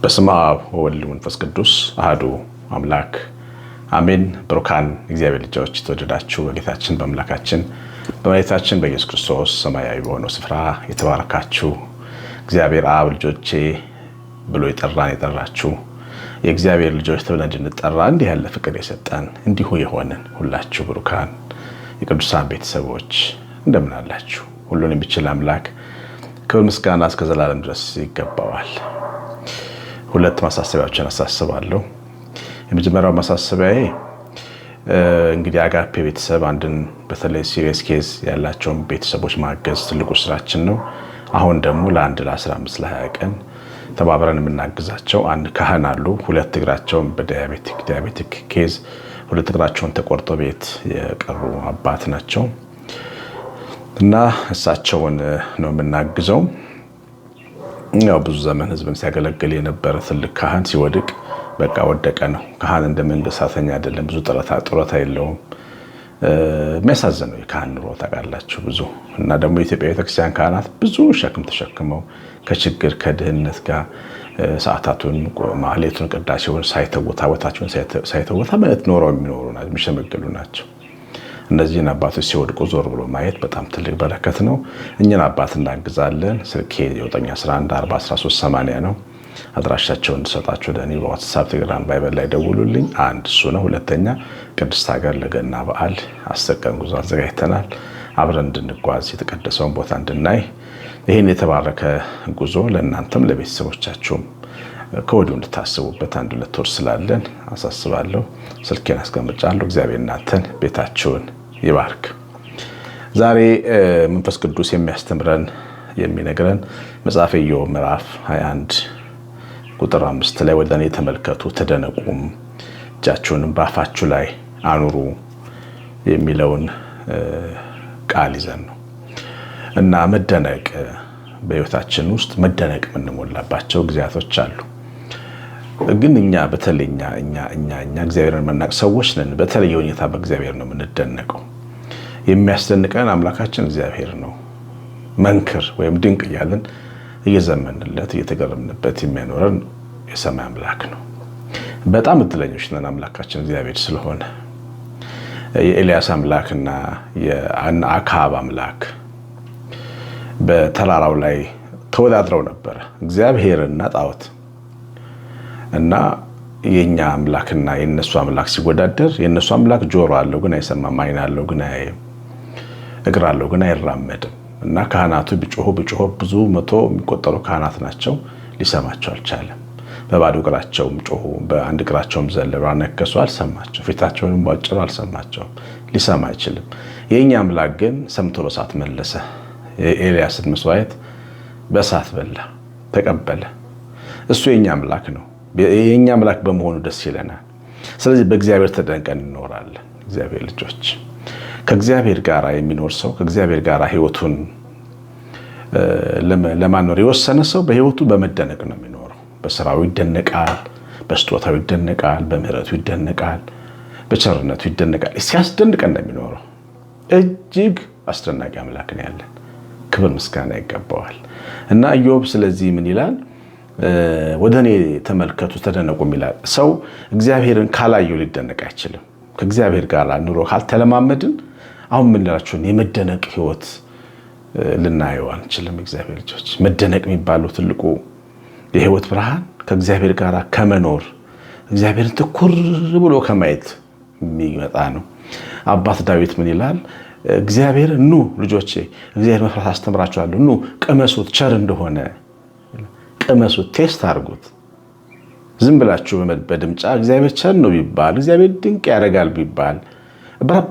በስመ አብ ወወልድ መንፈስ ቅዱስ አህዱ አምላክ አሜን። ብሩካን እግዚአብሔር ልጆች የተወደዳችሁ በጌታችን በአምላካችን በመሬታችን በኢየሱስ ክርስቶስ ሰማያዊ በሆነው ስፍራ የተባረካችሁ እግዚአብሔር አብ ልጆቼ ብሎ የጠራን የጠራችሁ የእግዚአብሔር ልጆች ተብለን እንድንጠራ እንዲህ ያለ ፍቅር የሰጠን እንዲሁ የሆንን ሁላችሁ ብሩካን የቅዱሳን ቤተሰቦች እንደምን አላችሁ? ሁሉን የሚችል አምላክ ክብር ምስጋና እስከ ዘላለም ድረስ ይገባዋል። ሁለት ማሳሰቢያዎችን አሳስባለሁ። የመጀመሪያው ማሳሰቢያ እንግዲህ አጋፔ ቤተሰብ አንድን በተለይ ሲሪየስ ኬዝ ያላቸውን ቤተሰቦች ማገዝ ትልቁ ስራችን ነው። አሁን ደግሞ ለአንድ ለ15 ለ20 ቀን ተባብረን የምናግዛቸው አንድ ካህን አሉ። ሁለት እግራቸውን በዲያቤቲክ ዲያቤቲክ ኬዝ ሁለት እግራቸውን ተቆርጦ ቤት የቀሩ አባት ናቸው እና እሳቸውን ነው የምናግዘው። ያው ብዙ ዘመን ህዝብን ሲያገለግል የነበረ ትልቅ ካህን ሲወድቅ በቃ ወደቀ ነው። ካህን እንደ መንግስት ሰራተኛ አይደለም። ብዙ ጥረታ የለውም። የሚያሳዝነው የካህን ኑሮ ታውቃላችሁ ብዙ እና ደግሞ የኢትዮጵያ ቤተክርስቲያን ካህናት ብዙ ሸክም ተሸክመው ከችግር ከድህነት ጋር ሰዓታቱን ማሌቱን ቅዳሴውን ሳይተወታ ወታቸውን ሳይተወታ በእምነት ኖረው የሚኖሩ የሚሸመገሉ ናቸው። እነዚህን አባቶች ሲወድቁ ዞር ብሎ ማየት በጣም ትልቅ በረከት ነው። እኛን አባት እናግዛለን። ስልኬ 9114138 ነው። አድራሻቸውን እንድሰጣቸው ደኒ በዋትሳፕ ቴሌግራም፣ ባይበል ላይ ደውሉልኝ። አንድ እሱ ነው። ሁለተኛ ቅድስት ሀገር ለገና በዓል አስር ቀን ጉዞ አዘጋጅተናል። አብረን እንድንጓዝ የተቀደሰውን ቦታ እንድናይ ይህን የተባረከ ጉዞ ለእናንተም ለቤተሰቦቻችሁም ከወዲሁ እንድታስቡበት አንድ ሁለት ወር ስላለን አሳስባለሁ። ስልኬን አስቀምጫለሁ። እግዚአብሔር እናንተን ቤታችሁን ይባርክ። ዛሬ መንፈስ ቅዱስ የሚያስተምረን የሚነግረን መጽሐፈ ኢዮብ ምዕራፍ 21 ቁጥር አምስት ላይ ወደ እኔ ተመልከቱ ተደነቁም፣ እጃችሁንም በአፋችሁ ላይ አኑሩ የሚለውን ቃል ይዘን ነው እና መደነቅ በህይወታችን ውስጥ መደነቅ የምንሞላባቸው ጊዜያቶች አሉ። ግን እኛ በተለይ እኛ እኛ እኛ እግዚአብሔርን መናቅ ሰዎች ነን። በተለየ ሁኔታ በእግዚአብሔር ነው የምንደነቀው። የሚያስደንቀን አምላካችን እግዚአብሔር ነው። መንክር ወይም ድንቅ እያለን እየዘመንለት እየተገረምንበት የሚያኖረን የሰማይ አምላክ ነው። በጣም እድለኞች ነን አምላካችን እግዚአብሔር ስለሆነ የኤልያስ አምላክና የአካብ አምላክ በተራራው ላይ ተወዳድረው ነበረ እግዚአብሔርና ጣዖት እና የእኛ አምላክና የእነሱ አምላክ ሲወዳደር የእነሱ አምላክ ጆሮ አለው ግን አይሰማም፣ ዓይን አለው ግን አያይም፣ እግር አለው ግን አይራመድም። እና ካህናቱ ብጮሆ ብጮሆ ብዙ መቶ የሚቆጠሩ ካህናት ናቸው፣ ሊሰማቸው አልቻለም። በባዶ እግራቸውም ጮሁ፣ በአንድ እግራቸውም ዘለው አነከሱ፣ አልሰማቸው። ፊታቸውንም ባጭሩ አልሰማቸውም፣ ሊሰማ አይችልም። የእኛ አምላክ ግን ሰምቶ በሳት መለሰ። የኤልያስን መስዋዕት በእሳት በላ ተቀበለ። እሱ የኛ አምላክ ነው። የኛ አምላክ በመሆኑ ደስ ይለናል። ስለዚህ በእግዚአብሔር ተደንቀን እንኖራለን። እግዚአብሔር ልጆች፣ ከእግዚአብሔር ጋር የሚኖር ሰው ከእግዚአብሔር ጋር ህይወቱን ለማኖር የወሰነ ሰው በህይወቱ በመደነቅ ነው የሚኖረው። በስራው ይደነቃል፣ በስጦታው ይደነቃል፣ በምህረቱ ይደነቃል፣ በቸርነቱ ይደነቃል። ሲያስደንቀን ነው የሚኖረው። እጅግ አስደናቂ አምላክ ያለን። ክብር ምስጋና ይገባዋል። እና ኢዮብ ስለዚህ ምን ይላል? ወደ እኔ ተመልከቱ ተደነቁም ይላል። ሰው እግዚአብሔርን ካላየው ሊደነቅ አይችልም። ከእግዚአብሔር ጋር ኑሮ ካልተለማመድን አሁን የምንላችሁን የመደነቅ ህይወት ልናየው አንችልም። እግዚአብሔር ልጆች መደነቅ የሚባለው ትልቁ የህይወት ብርሃን ከእግዚአብሔር ጋር ከመኖር እግዚአብሔርን ትኩር ብሎ ከማየት የሚመጣ ነው። አባት ዳዊት ምን ይላል? እግዚአብሔር ኑ ልጆቼ እግዚአብሔር መፍራት አስተምራችኋለሁ፣ ኑ ቅመሱት፣ ቸር እንደሆነ ቅመሱት፣ ቴስት አድርጉት። ዝም ብላችሁ በድምጫ እግዚአብሔር ቸር ነው ቢባል እግዚአብሔር ድንቅ ያደርጋል ቢባል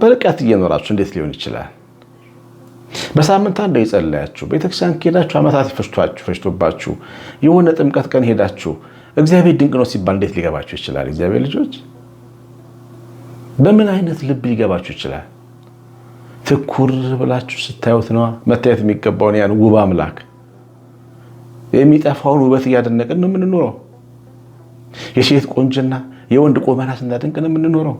በርቀት እየኖራችሁ እንዴት ሊሆን ይችላል? በሳምንት አንድ የጸለያችሁ ቤተክርስቲያን ከሄዳችሁ ዓመታት ፈሽቶባችሁ የሆነ ጥምቀት ቀን ሄዳችሁ እግዚአብሔር ድንቅ ነው ሲባል እንዴት ሊገባችሁ ይችላል? እግዚአብሔር ልጆች በምን አይነት ልብ ሊገባችሁ ይችላል? ትኩር ብላችሁ ስታዩት ነዋ መታየት የሚገባውን ያን ውብ አምላክ። የሚጠፋውን ውበት እያደነቅን ነው የምንኖረው። የሴት ቁንጅና፣ የወንድ ቁመና ስናደንቅ ነው የምንኖረው።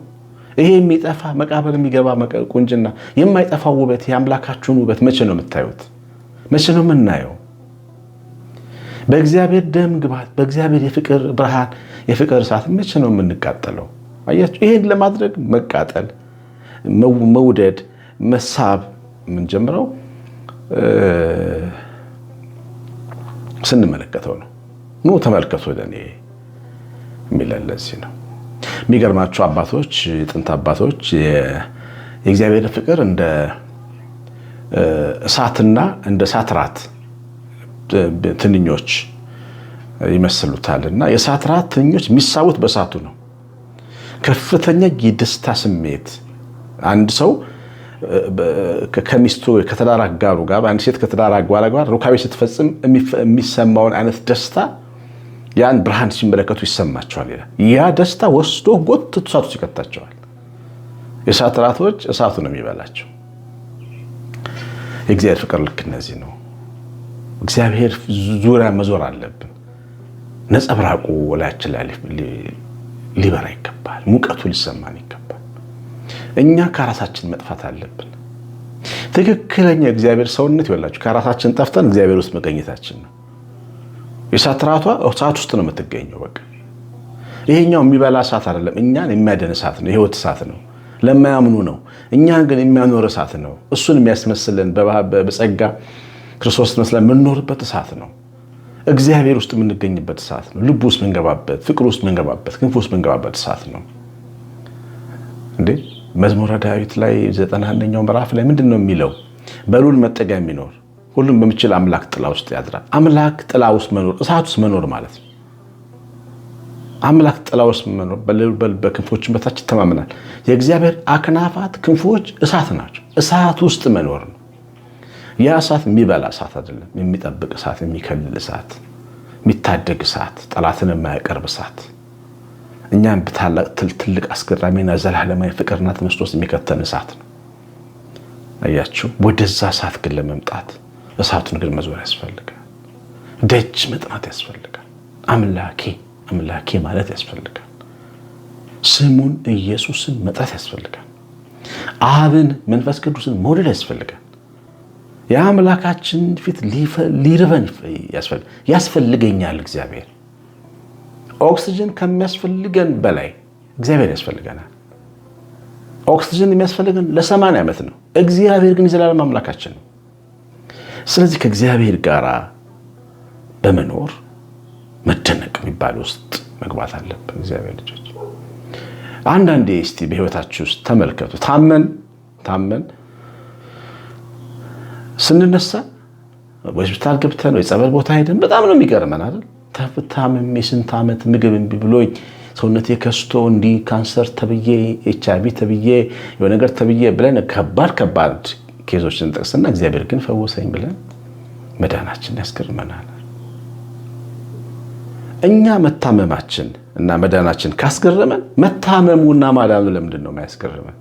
ይሄ የሚጠፋ መቃብር የሚገባ ቁንጅና፣ የማይጠፋው ውበት፣ የአምላካችሁን ውበት መቼ ነው የምታዩት? መቼ ነው የምናየው? በእግዚአብሔር ደም ግባት፣ በእግዚአብሔር የፍቅር ብርሃን፣ የፍቅር እሳት መቼ ነው የምንቃጠለው? አያችሁ፣ ይሄን ለማድረግ መቃጠል፣ መውደድ መሳብ የምንጀምረው ስንመለከተው ነው። ኑ ተመልከቱ ወደ እኔ የሚለን ለዚህ ነው። የሚገርማቸው አባቶች የጥንት አባቶች የእግዚአብሔር ፍቅር እንደ እሳትና እንደ ሳትራት ትንኞች ይመስሉታል እና የሳትራት ትንኞች የሚሳቡት በሳቱ ነው። ከፍተኛ የደስታ ስሜት አንድ ሰው ከሚስቱ ከተዳር አጋሩ ጋር አንድ ሴት ከተዳር አጓላ ጋር ሩካቤ ስትፈጽም የሚሰማውን አይነት ደስታ ያን ብርሃን ሲመለከቱ ይሰማቸዋል ይላል። ያ ደስታ ወስዶ ጎትቶ እሳቱ ይከታቸዋል። የእሳት ራቶች እሳቱ ነው የሚበላቸው። የእግዚአብሔር ፍቅር ልክ እነዚህ ነው። እግዚአብሔር ዙሪያ መዞር አለብን። ነጸብራቁ ወላያችን ላይ ሊበራ ይገባል። ሙቀቱ ሊሰማን ይገባል። እኛ ከራሳችን መጥፋት አለብን። ትክክለኛ እግዚአብሔር ሰውነት ይወላችሁ ከራሳችን ጠፍተን እግዚአብሔር ውስጥ መገኘታችን ነው። የእሳት ራቷ እሳት ውስጥ ነው የምትገኘው። በቃ ይሄኛው የሚበላ እሳት አይደለም፣ እኛን የሚያደን እሳት ነው። የህይወት እሳት ነው። ለማያምኑ ነው። እኛን ግን የሚያኖር እሳት ነው። እሱን የሚያስመስልን በጸጋ ክርስቶስ መስለን የምንኖርበት እሳት ነው። እግዚአብሔር ውስጥ የምንገኝበት እሳት ነው። ልብ ውስጥ ምንገባበት፣ ፍቅር ውስጥ ምንገባበት፣ ክንፍ ውስጥ ምንገባበት እሳት ነው እንዴ መዝሙረ ዳዊት ላይ ዘጠና አንደኛው ምዕራፍ ላይ ምንድን ነው የሚለው? በሉል መጠጊያ የሚኖር ሁሉም በሚችል አምላክ ጥላ ውስጥ ያድራል። አምላክ ጥላ ውስጥ መኖር፣ እሳት ውስጥ መኖር ማለት ነው። አምላክ ጥላ ውስጥ መኖር፣ በክንፎች በታች ይተማመናል። የእግዚአብሔር አክናፋት ክንፎች እሳት ናቸው። እሳት ውስጥ መኖር ነው። ያ እሳት የሚበላ እሳት አይደለም፣ የሚጠብቅ እሳት፣ የሚከልል እሳት፣ የሚታደግ እሳት፣ ጠላትን የማያቀርብ እሳት እኛም ታላቅ ትልቅ አስገራሚና ዘላለማዊ ፍቅርና ተመስጦ ውስጥ የሚከተን እሳት ነው። አያችሁ፣ ወደዛ እሳት ግን ለመምጣት እሳቱን ግን መዞር ያስፈልጋል። ደጅ መጥናት ያስፈልጋል። አምላኬ አምላኬ ማለት ያስፈልጋል። ስሙን ኢየሱስን መጥራት ያስፈልጋል። አብን መንፈስ ቅዱስን መውደድ ያስፈልጋል። የአምላካችን ፊት ሊርበን ያስፈልገኛል እግዚአብሔር ኦክስጅን ከሚያስፈልገን በላይ እግዚአብሔር ያስፈልገናል። ኦክስጅን የሚያስፈልገን ለሰማንያ ዓመት ነው። እግዚአብሔር ግን የዘላለም አምላካችን ነው። ስለዚህ ከእግዚአብሔር ጋር በመኖር መደነቅ የሚባል ውስጥ መግባት አለብን። እግዚአብሔር ልጆች አንዳንዴ እስቲ በህይወታችሁ ውስጥ ተመልከቱ። ታመን ታመን ስንነሳ ወይ ሆስፒታል ገብተን ወይ ጸበል ቦታ ሄደን በጣም ነው የሚገርመን አይደል? ታምሜ ስንት ዓመት ምግብ እምቢ ብሎኝ ሰውነቴ ከስቶ እንዲህ ካንሰር ተብዬ ኤች ተብዬ የሆነ ነገር ተብዬ ብለን ከባድ ከባድ ኬዞችን ጠቅስና እግዚአብሔር ግን ፈወሰኝ ብለን መዳናችን ያስገርመናል። እኛ መታመማችን እና መዳናችን ካስገረመን መታመሙና ማዳኑ ለምንድን ነው ማያስገርመን?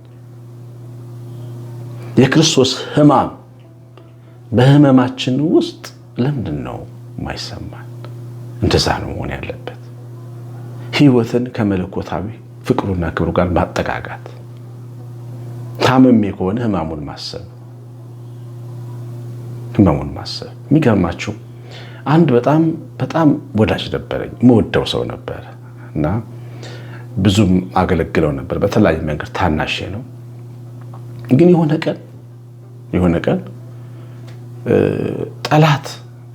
የክርስቶስ ሕማም በሕመማችን ውስጥ ለምንድን ነው የማይሰማን እንደዛ ነው መሆን ያለበት። ህይወትን ከመለኮታዊ ፍቅሩና ክብሩ ጋር ማጠጋጋት፣ ታመሜ ከሆነ ህማሙን ማሰብ ህመሙን ማሰብ። የሚገርማችሁ አንድ በጣም በጣም ወዳጅ ነበረኝ፣ መወደው ሰው ነበር እና ብዙም አገለግለው ነበር በተለያየ መንገድ ታናሼ ነው። ግን የሆነ ቀን የሆነ ቀን ጠላት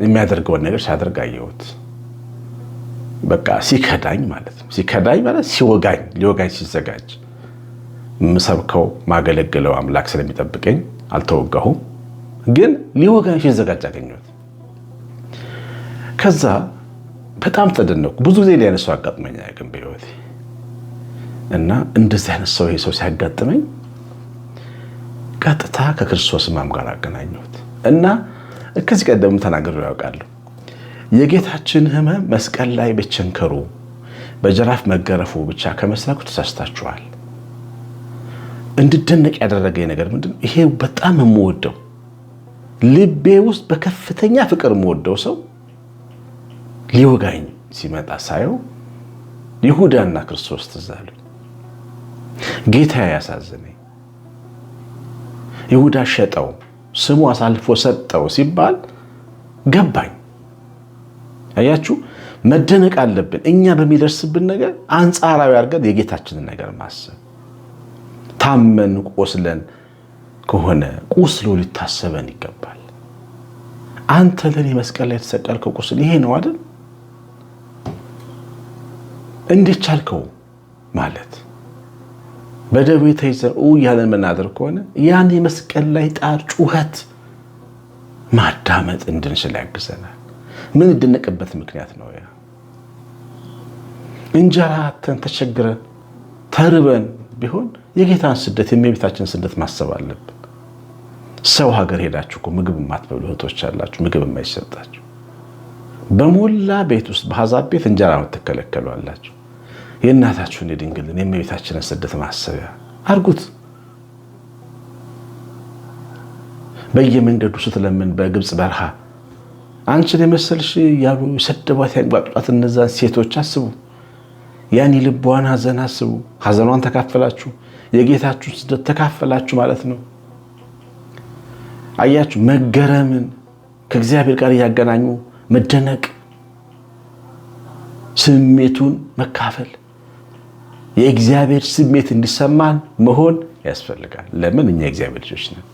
የሚያደርገውን ነገር ሲያደርግ አየሁት። በቃ ሲከዳኝ ማለት ነው። ሲከዳኝ ማለት ሲወጋኝ፣ ሊወጋኝ ሲዘጋጅ የምሰብከው ማገለግለው አምላክ ስለሚጠብቀኝ አልተወጋሁም፣ ግን ሊወጋኝ ሲዘጋጅ አገኘሁት። ከዛ በጣም ተደነኩ። ብዙ ጊዜ ላይ ያነሱ አጋጥመኝ አያውቅም በሕይወቴ እና እንደዚህ አይነት ሰው ይሄ ሰው ሲያጋጥመኝ ቀጥታ ከክርስቶስ ማም ጋር አገናኘሁት እና ከዚህ ቀደም ተናግሬ ያውቃለሁ። የጌታችን ህመም መስቀል ላይ በቸንከሩ በጅራፍ መገረፉ ብቻ ከመስላኩ ተሳስታችኋል። እንድደነቅ ያደረገኝ ነገር ምንድን ነው? ይሄ በጣም የምወደው ልቤ ውስጥ በከፍተኛ ፍቅር የምወደው ሰው ሊወጋኝ ሲመጣ ሳየው ይሁዳና ክርስቶስ ትዝ አሉኝ። ጌታ ያሳዝነኝ። ይሁዳ ሸጠው፣ ስሙ አሳልፎ ሰጠው ሲባል ገባኝ። አያችሁ፣ መደነቅ አለብን። እኛ በሚደርስብን ነገር አንጻራዊ አድርገን የጌታችንን ነገር ማሰብ። ታመን ቆስለን ከሆነ ቁስሉ ሊታሰበን ይገባል። አንተ ለኔ መስቀል ላይ የተሰቀልከው ቁስል ይሄ ነው አይደል? እንዴት ቻልከው ማለት በደዌ ተይዘን እያለን መናደር ከሆነ ያን የመስቀል ላይ ጣር ጩኸት ማዳመጥ እንድንችል ያግዘናል። ምን እደነቅበት ምክንያት ነው? ያ እንጀራ ተቸግረን ተርበን ቢሆን የጌታን ስደት የእመቤታችን ስደት ማሰብ አለብን። ሰው ሀገር ሄዳችሁ እኮ ምግብ የማትበሉ እህቶች አላችሁ፣ ምግብ የማይሰጣችሁ በሞላ ቤት ውስጥ በአሕዛብ ቤት እንጀራ የምትከለከሉ አላችሁ። የእናታችሁን የድንግልን የእመቤታችንን ስደት ማሰቢያ አድርጉት። በየመንገዱ ስትለምን በግብፅ በረሃ አንቺን የመሰልሽ ያሉ ሰደቧት ያንቋጥጧት እነዛን ሴቶች አስቡ። ያን የልቧን ሀዘን አስቡ። ሀዘኗን ተካፈላችሁ፣ የጌታችሁ ስደት ተካፈላችሁ ማለት ነው። አያችሁ መገረምን ከእግዚአብሔር ጋር እያገናኙ መደነቅ፣ ስሜቱን መካፈል፣ የእግዚአብሔር ስሜት እንዲሰማን መሆን ያስፈልጋል። ለምን እኛ የእግዚአብሔር ልጆች ነን።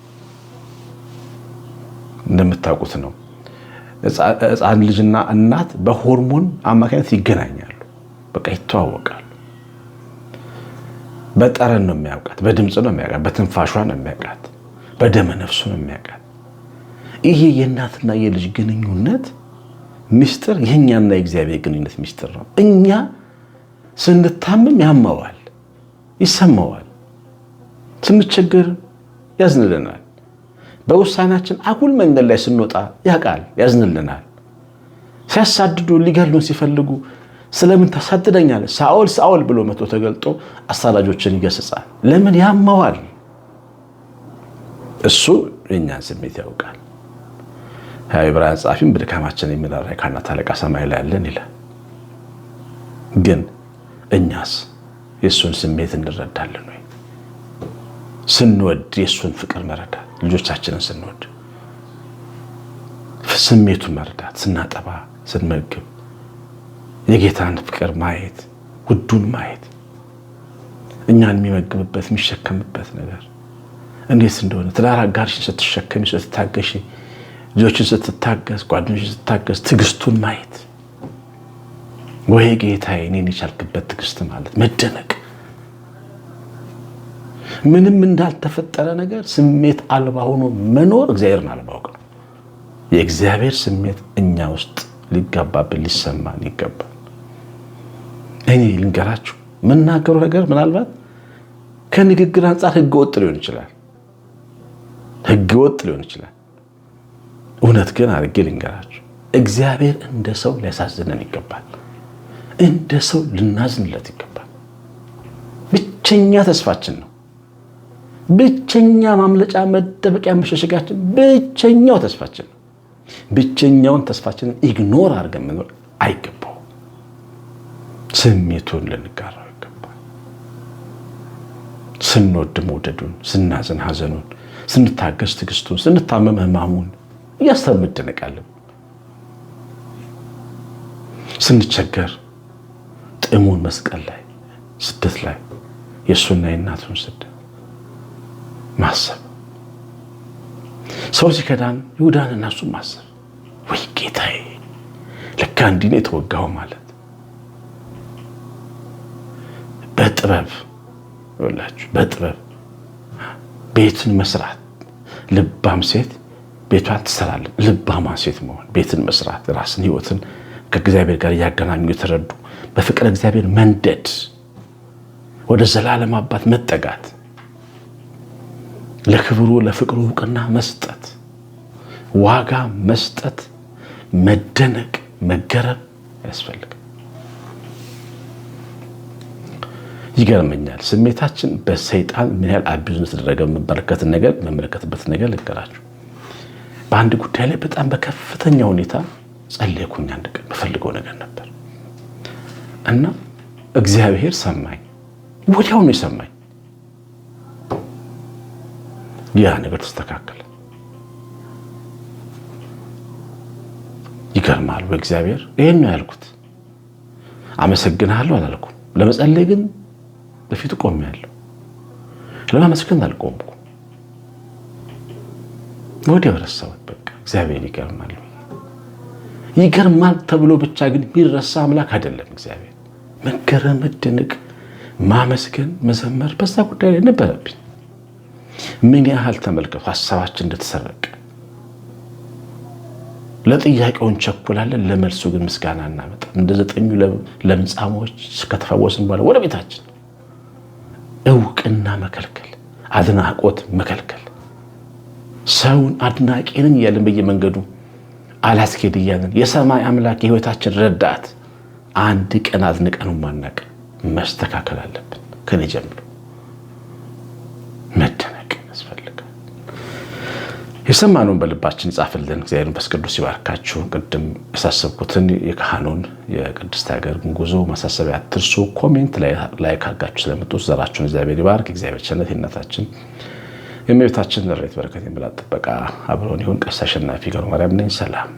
እንደምታውቁት ነው ህፃን ልጅና እናት በሆርሞን አማካኝነት ይገናኛሉ። በቃ ይተዋወቃሉ። በጠረን ነው የሚያውቃት፣ በድምፅ ነው የሚያውቃት፣ በትንፋሿ ነው የሚያውቃት፣ በደመ ነፍሱ ነው የሚያውቃት። ይሄ የእናትና የልጅ ግንኙነት ሚስጥር የእኛና የእግዚአብሔር ግንኙነት ሚስጥር ነው። እኛ ስንታመም ያመዋል፣ ይሰማዋል፣ ስንቸገር ያዝንልናል። በውሳኔያችን አጉል መንገድ ላይ ስንወጣ ያውቃል፣ ያዝንልናል። ሲያሳድዱ ሊገሉን ሲፈልጉ ስለምን ታሳድደኛለህ? ሳኦል ሳኦል ብሎ መቶ ተገልጦ አሳዳጆችን ይገስጻል። ለምን ያማዋል? እሱ የእኛን ስሜት ያውቃል። ዕብራውያን ጸሐፊም በድካማችን የሚራራ ካህናት አለቃ ሰማይ ላይ ያለን ይላል። ግን እኛስ የእሱን ስሜት እንረዳለን ወይ? ስንወድ የእሱን ፍቅር መረዳት ልጆቻችንን ስንወድ ስሜቱን መርዳት ስናጠባ፣ ስንመግብ የጌታን ፍቅር ማየት፣ ውዱን ማየት፣ እኛን የሚመግብበት የሚሸከምበት ነገር እንዴት እንደሆነ ትዳር አጋርሽን ስትሸከሚ ስትታገሽ፣ ልጆችን ስትታገስ፣ ጓደኞችን ስትታገስ ትግስቱን ማየት ወይ ጌታ እኔን የቻልክበት ትግስት ማለት መደነቅ ምንም እንዳልተፈጠረ ነገር ስሜት አልባ ሆኖ መኖር እግዚአብሔርን አለማወቅ ነው። የእግዚአብሔር ስሜት እኛ ውስጥ ሊጋባብን ሊሰማን ይገባል። እኔ ልንገራችሁ የምናገሩ ነገር ምናልባት ከንግግር አንጻር ሕገ ወጥ ሊሆን ይችላል ሕገ ወጥ ሊሆን ይችላል። እውነት ግን አድርጌ ልንገራችሁ እግዚአብሔር እንደ ሰው ሊያሳዝነን ይገባል። እንደ ሰው ልናዝንለት ይገባል። ብቸኛ ተስፋችን ነው። ብቸኛ ማምለጫ መጠበቂያ መሸሸጋችን፣ ብቸኛው ተስፋችን። ብቸኛውን ተስፋችንን ኢግኖር አድርገን መኖር አይገባው። ስሜቱን ልንጋራ ይገባል። ስንወድ መውደዱን፣ ስናዘን ሐዘኑን፣ ስንታገስ ትዕግስቱን፣ ስንታመም ህማሙን እያሰብ ምደነቃለን። ስንቸገር ጥሙን መስቀል ላይ ስደት ላይ የእሱና የእናቱን ስደት ማሰብ ሰው ሲከዳን ይሁዳን እናሱ ማሰብ ወይ ጌታዬ ልካ እንዲህ ነው የተወጋው ማለት በጥበብ ላችሁ በጥበብ ቤትን መስራት ልባም ሴት ቤቷ ትሰራለን። ልባማ ሴት መሆን ቤትን መስራት ራስን ህይወትን ከእግዚአብሔር ጋር እያገናኙ የተረዱ በፍቅር እግዚአብሔር መንደድ ወደ ዘላለም አባት መጠጋት ለክብሩ ለፍቅሩ እውቅና መስጠት፣ ዋጋ መስጠት፣ መደነቅ፣ መገረም ያስፈልጋል። ይገርመኛል። ስሜታችን በሰይጣን ምን ያህል አቢዙ እንደተደረገ የምመለከትን ነገር የምመለከትበት ነገር ልገራችሁ። በአንድ ጉዳይ ላይ በጣም በከፍተኛ ሁኔታ ጸለይኩኝ። አንድ ቀን የምፈልገው ነገር ነበር እና እግዚአብሔር ሰማኝ። ወዲያውኑ የሰማኝ ያ ነገር ተስተካከለ። ይገርማል። በእግዚአብሔር ይሄን ነው ያልኩት። አመሰግናለሁ አላልኩም። ለመጸለይ ግን በፊቱ ቆሜያለሁ። ለማመስገን አልቆምኩ። ወዲያው ረሳሁት። በቃ እግዚአብሔር ይገርማል። ይገርማል ተብሎ ብቻ ግን የሚረሳ አምላክ አይደለም እግዚአብሔር። መገረም፣ መደነቅ፣ ማመስገን፣ መዘመር በዛ ጉዳይ ላይ ነበረብኝ። ምን ያህል ተመልከቱ፣ ሀሳባችን እንደተሰረቀ ለጥያቄውን እንቸኩላለን፣ ለመልሱ ግን ምስጋና እናመጣ። እንደ ዘጠኙ ለምጻሞች ከተፈወስን በኋላ ወደ ቤታችን እውቅና መከልከል፣ አድናቆት መከልከል፣ ሰውን አድናቂንን እያለን በየመንገዱ አላስኬድ እያለን የሰማይ አምላክ የህይወታችን ረዳት አንድ ቀን አዝንቀኑ ማናቅ መስተካከል አለብን ከኔ ጀምሮ የሰማነውን በልባችን ይጻፍልን። እግዚአብሔር መንፈስ ቅዱስ ይባርካችሁ። ቅድም ያሳሰብኩትን የካህኑን የቅድስት ሀገር ጉዞ ማሳሰቢያ አትርሱ። ኮሜንት ላይ ካጋችሁ ስለመጡት ዘራችሁን እግዚአብሔር ይባርክ። እግዚአብሔር ቸነት ይነታችን የእመቤታችን ረድኤት በረከት የምላ ጥበቃ አብሮን ይሁን። ቀሲስ አሸናፊ ገብረ ማርያም ነኝ። ሰላም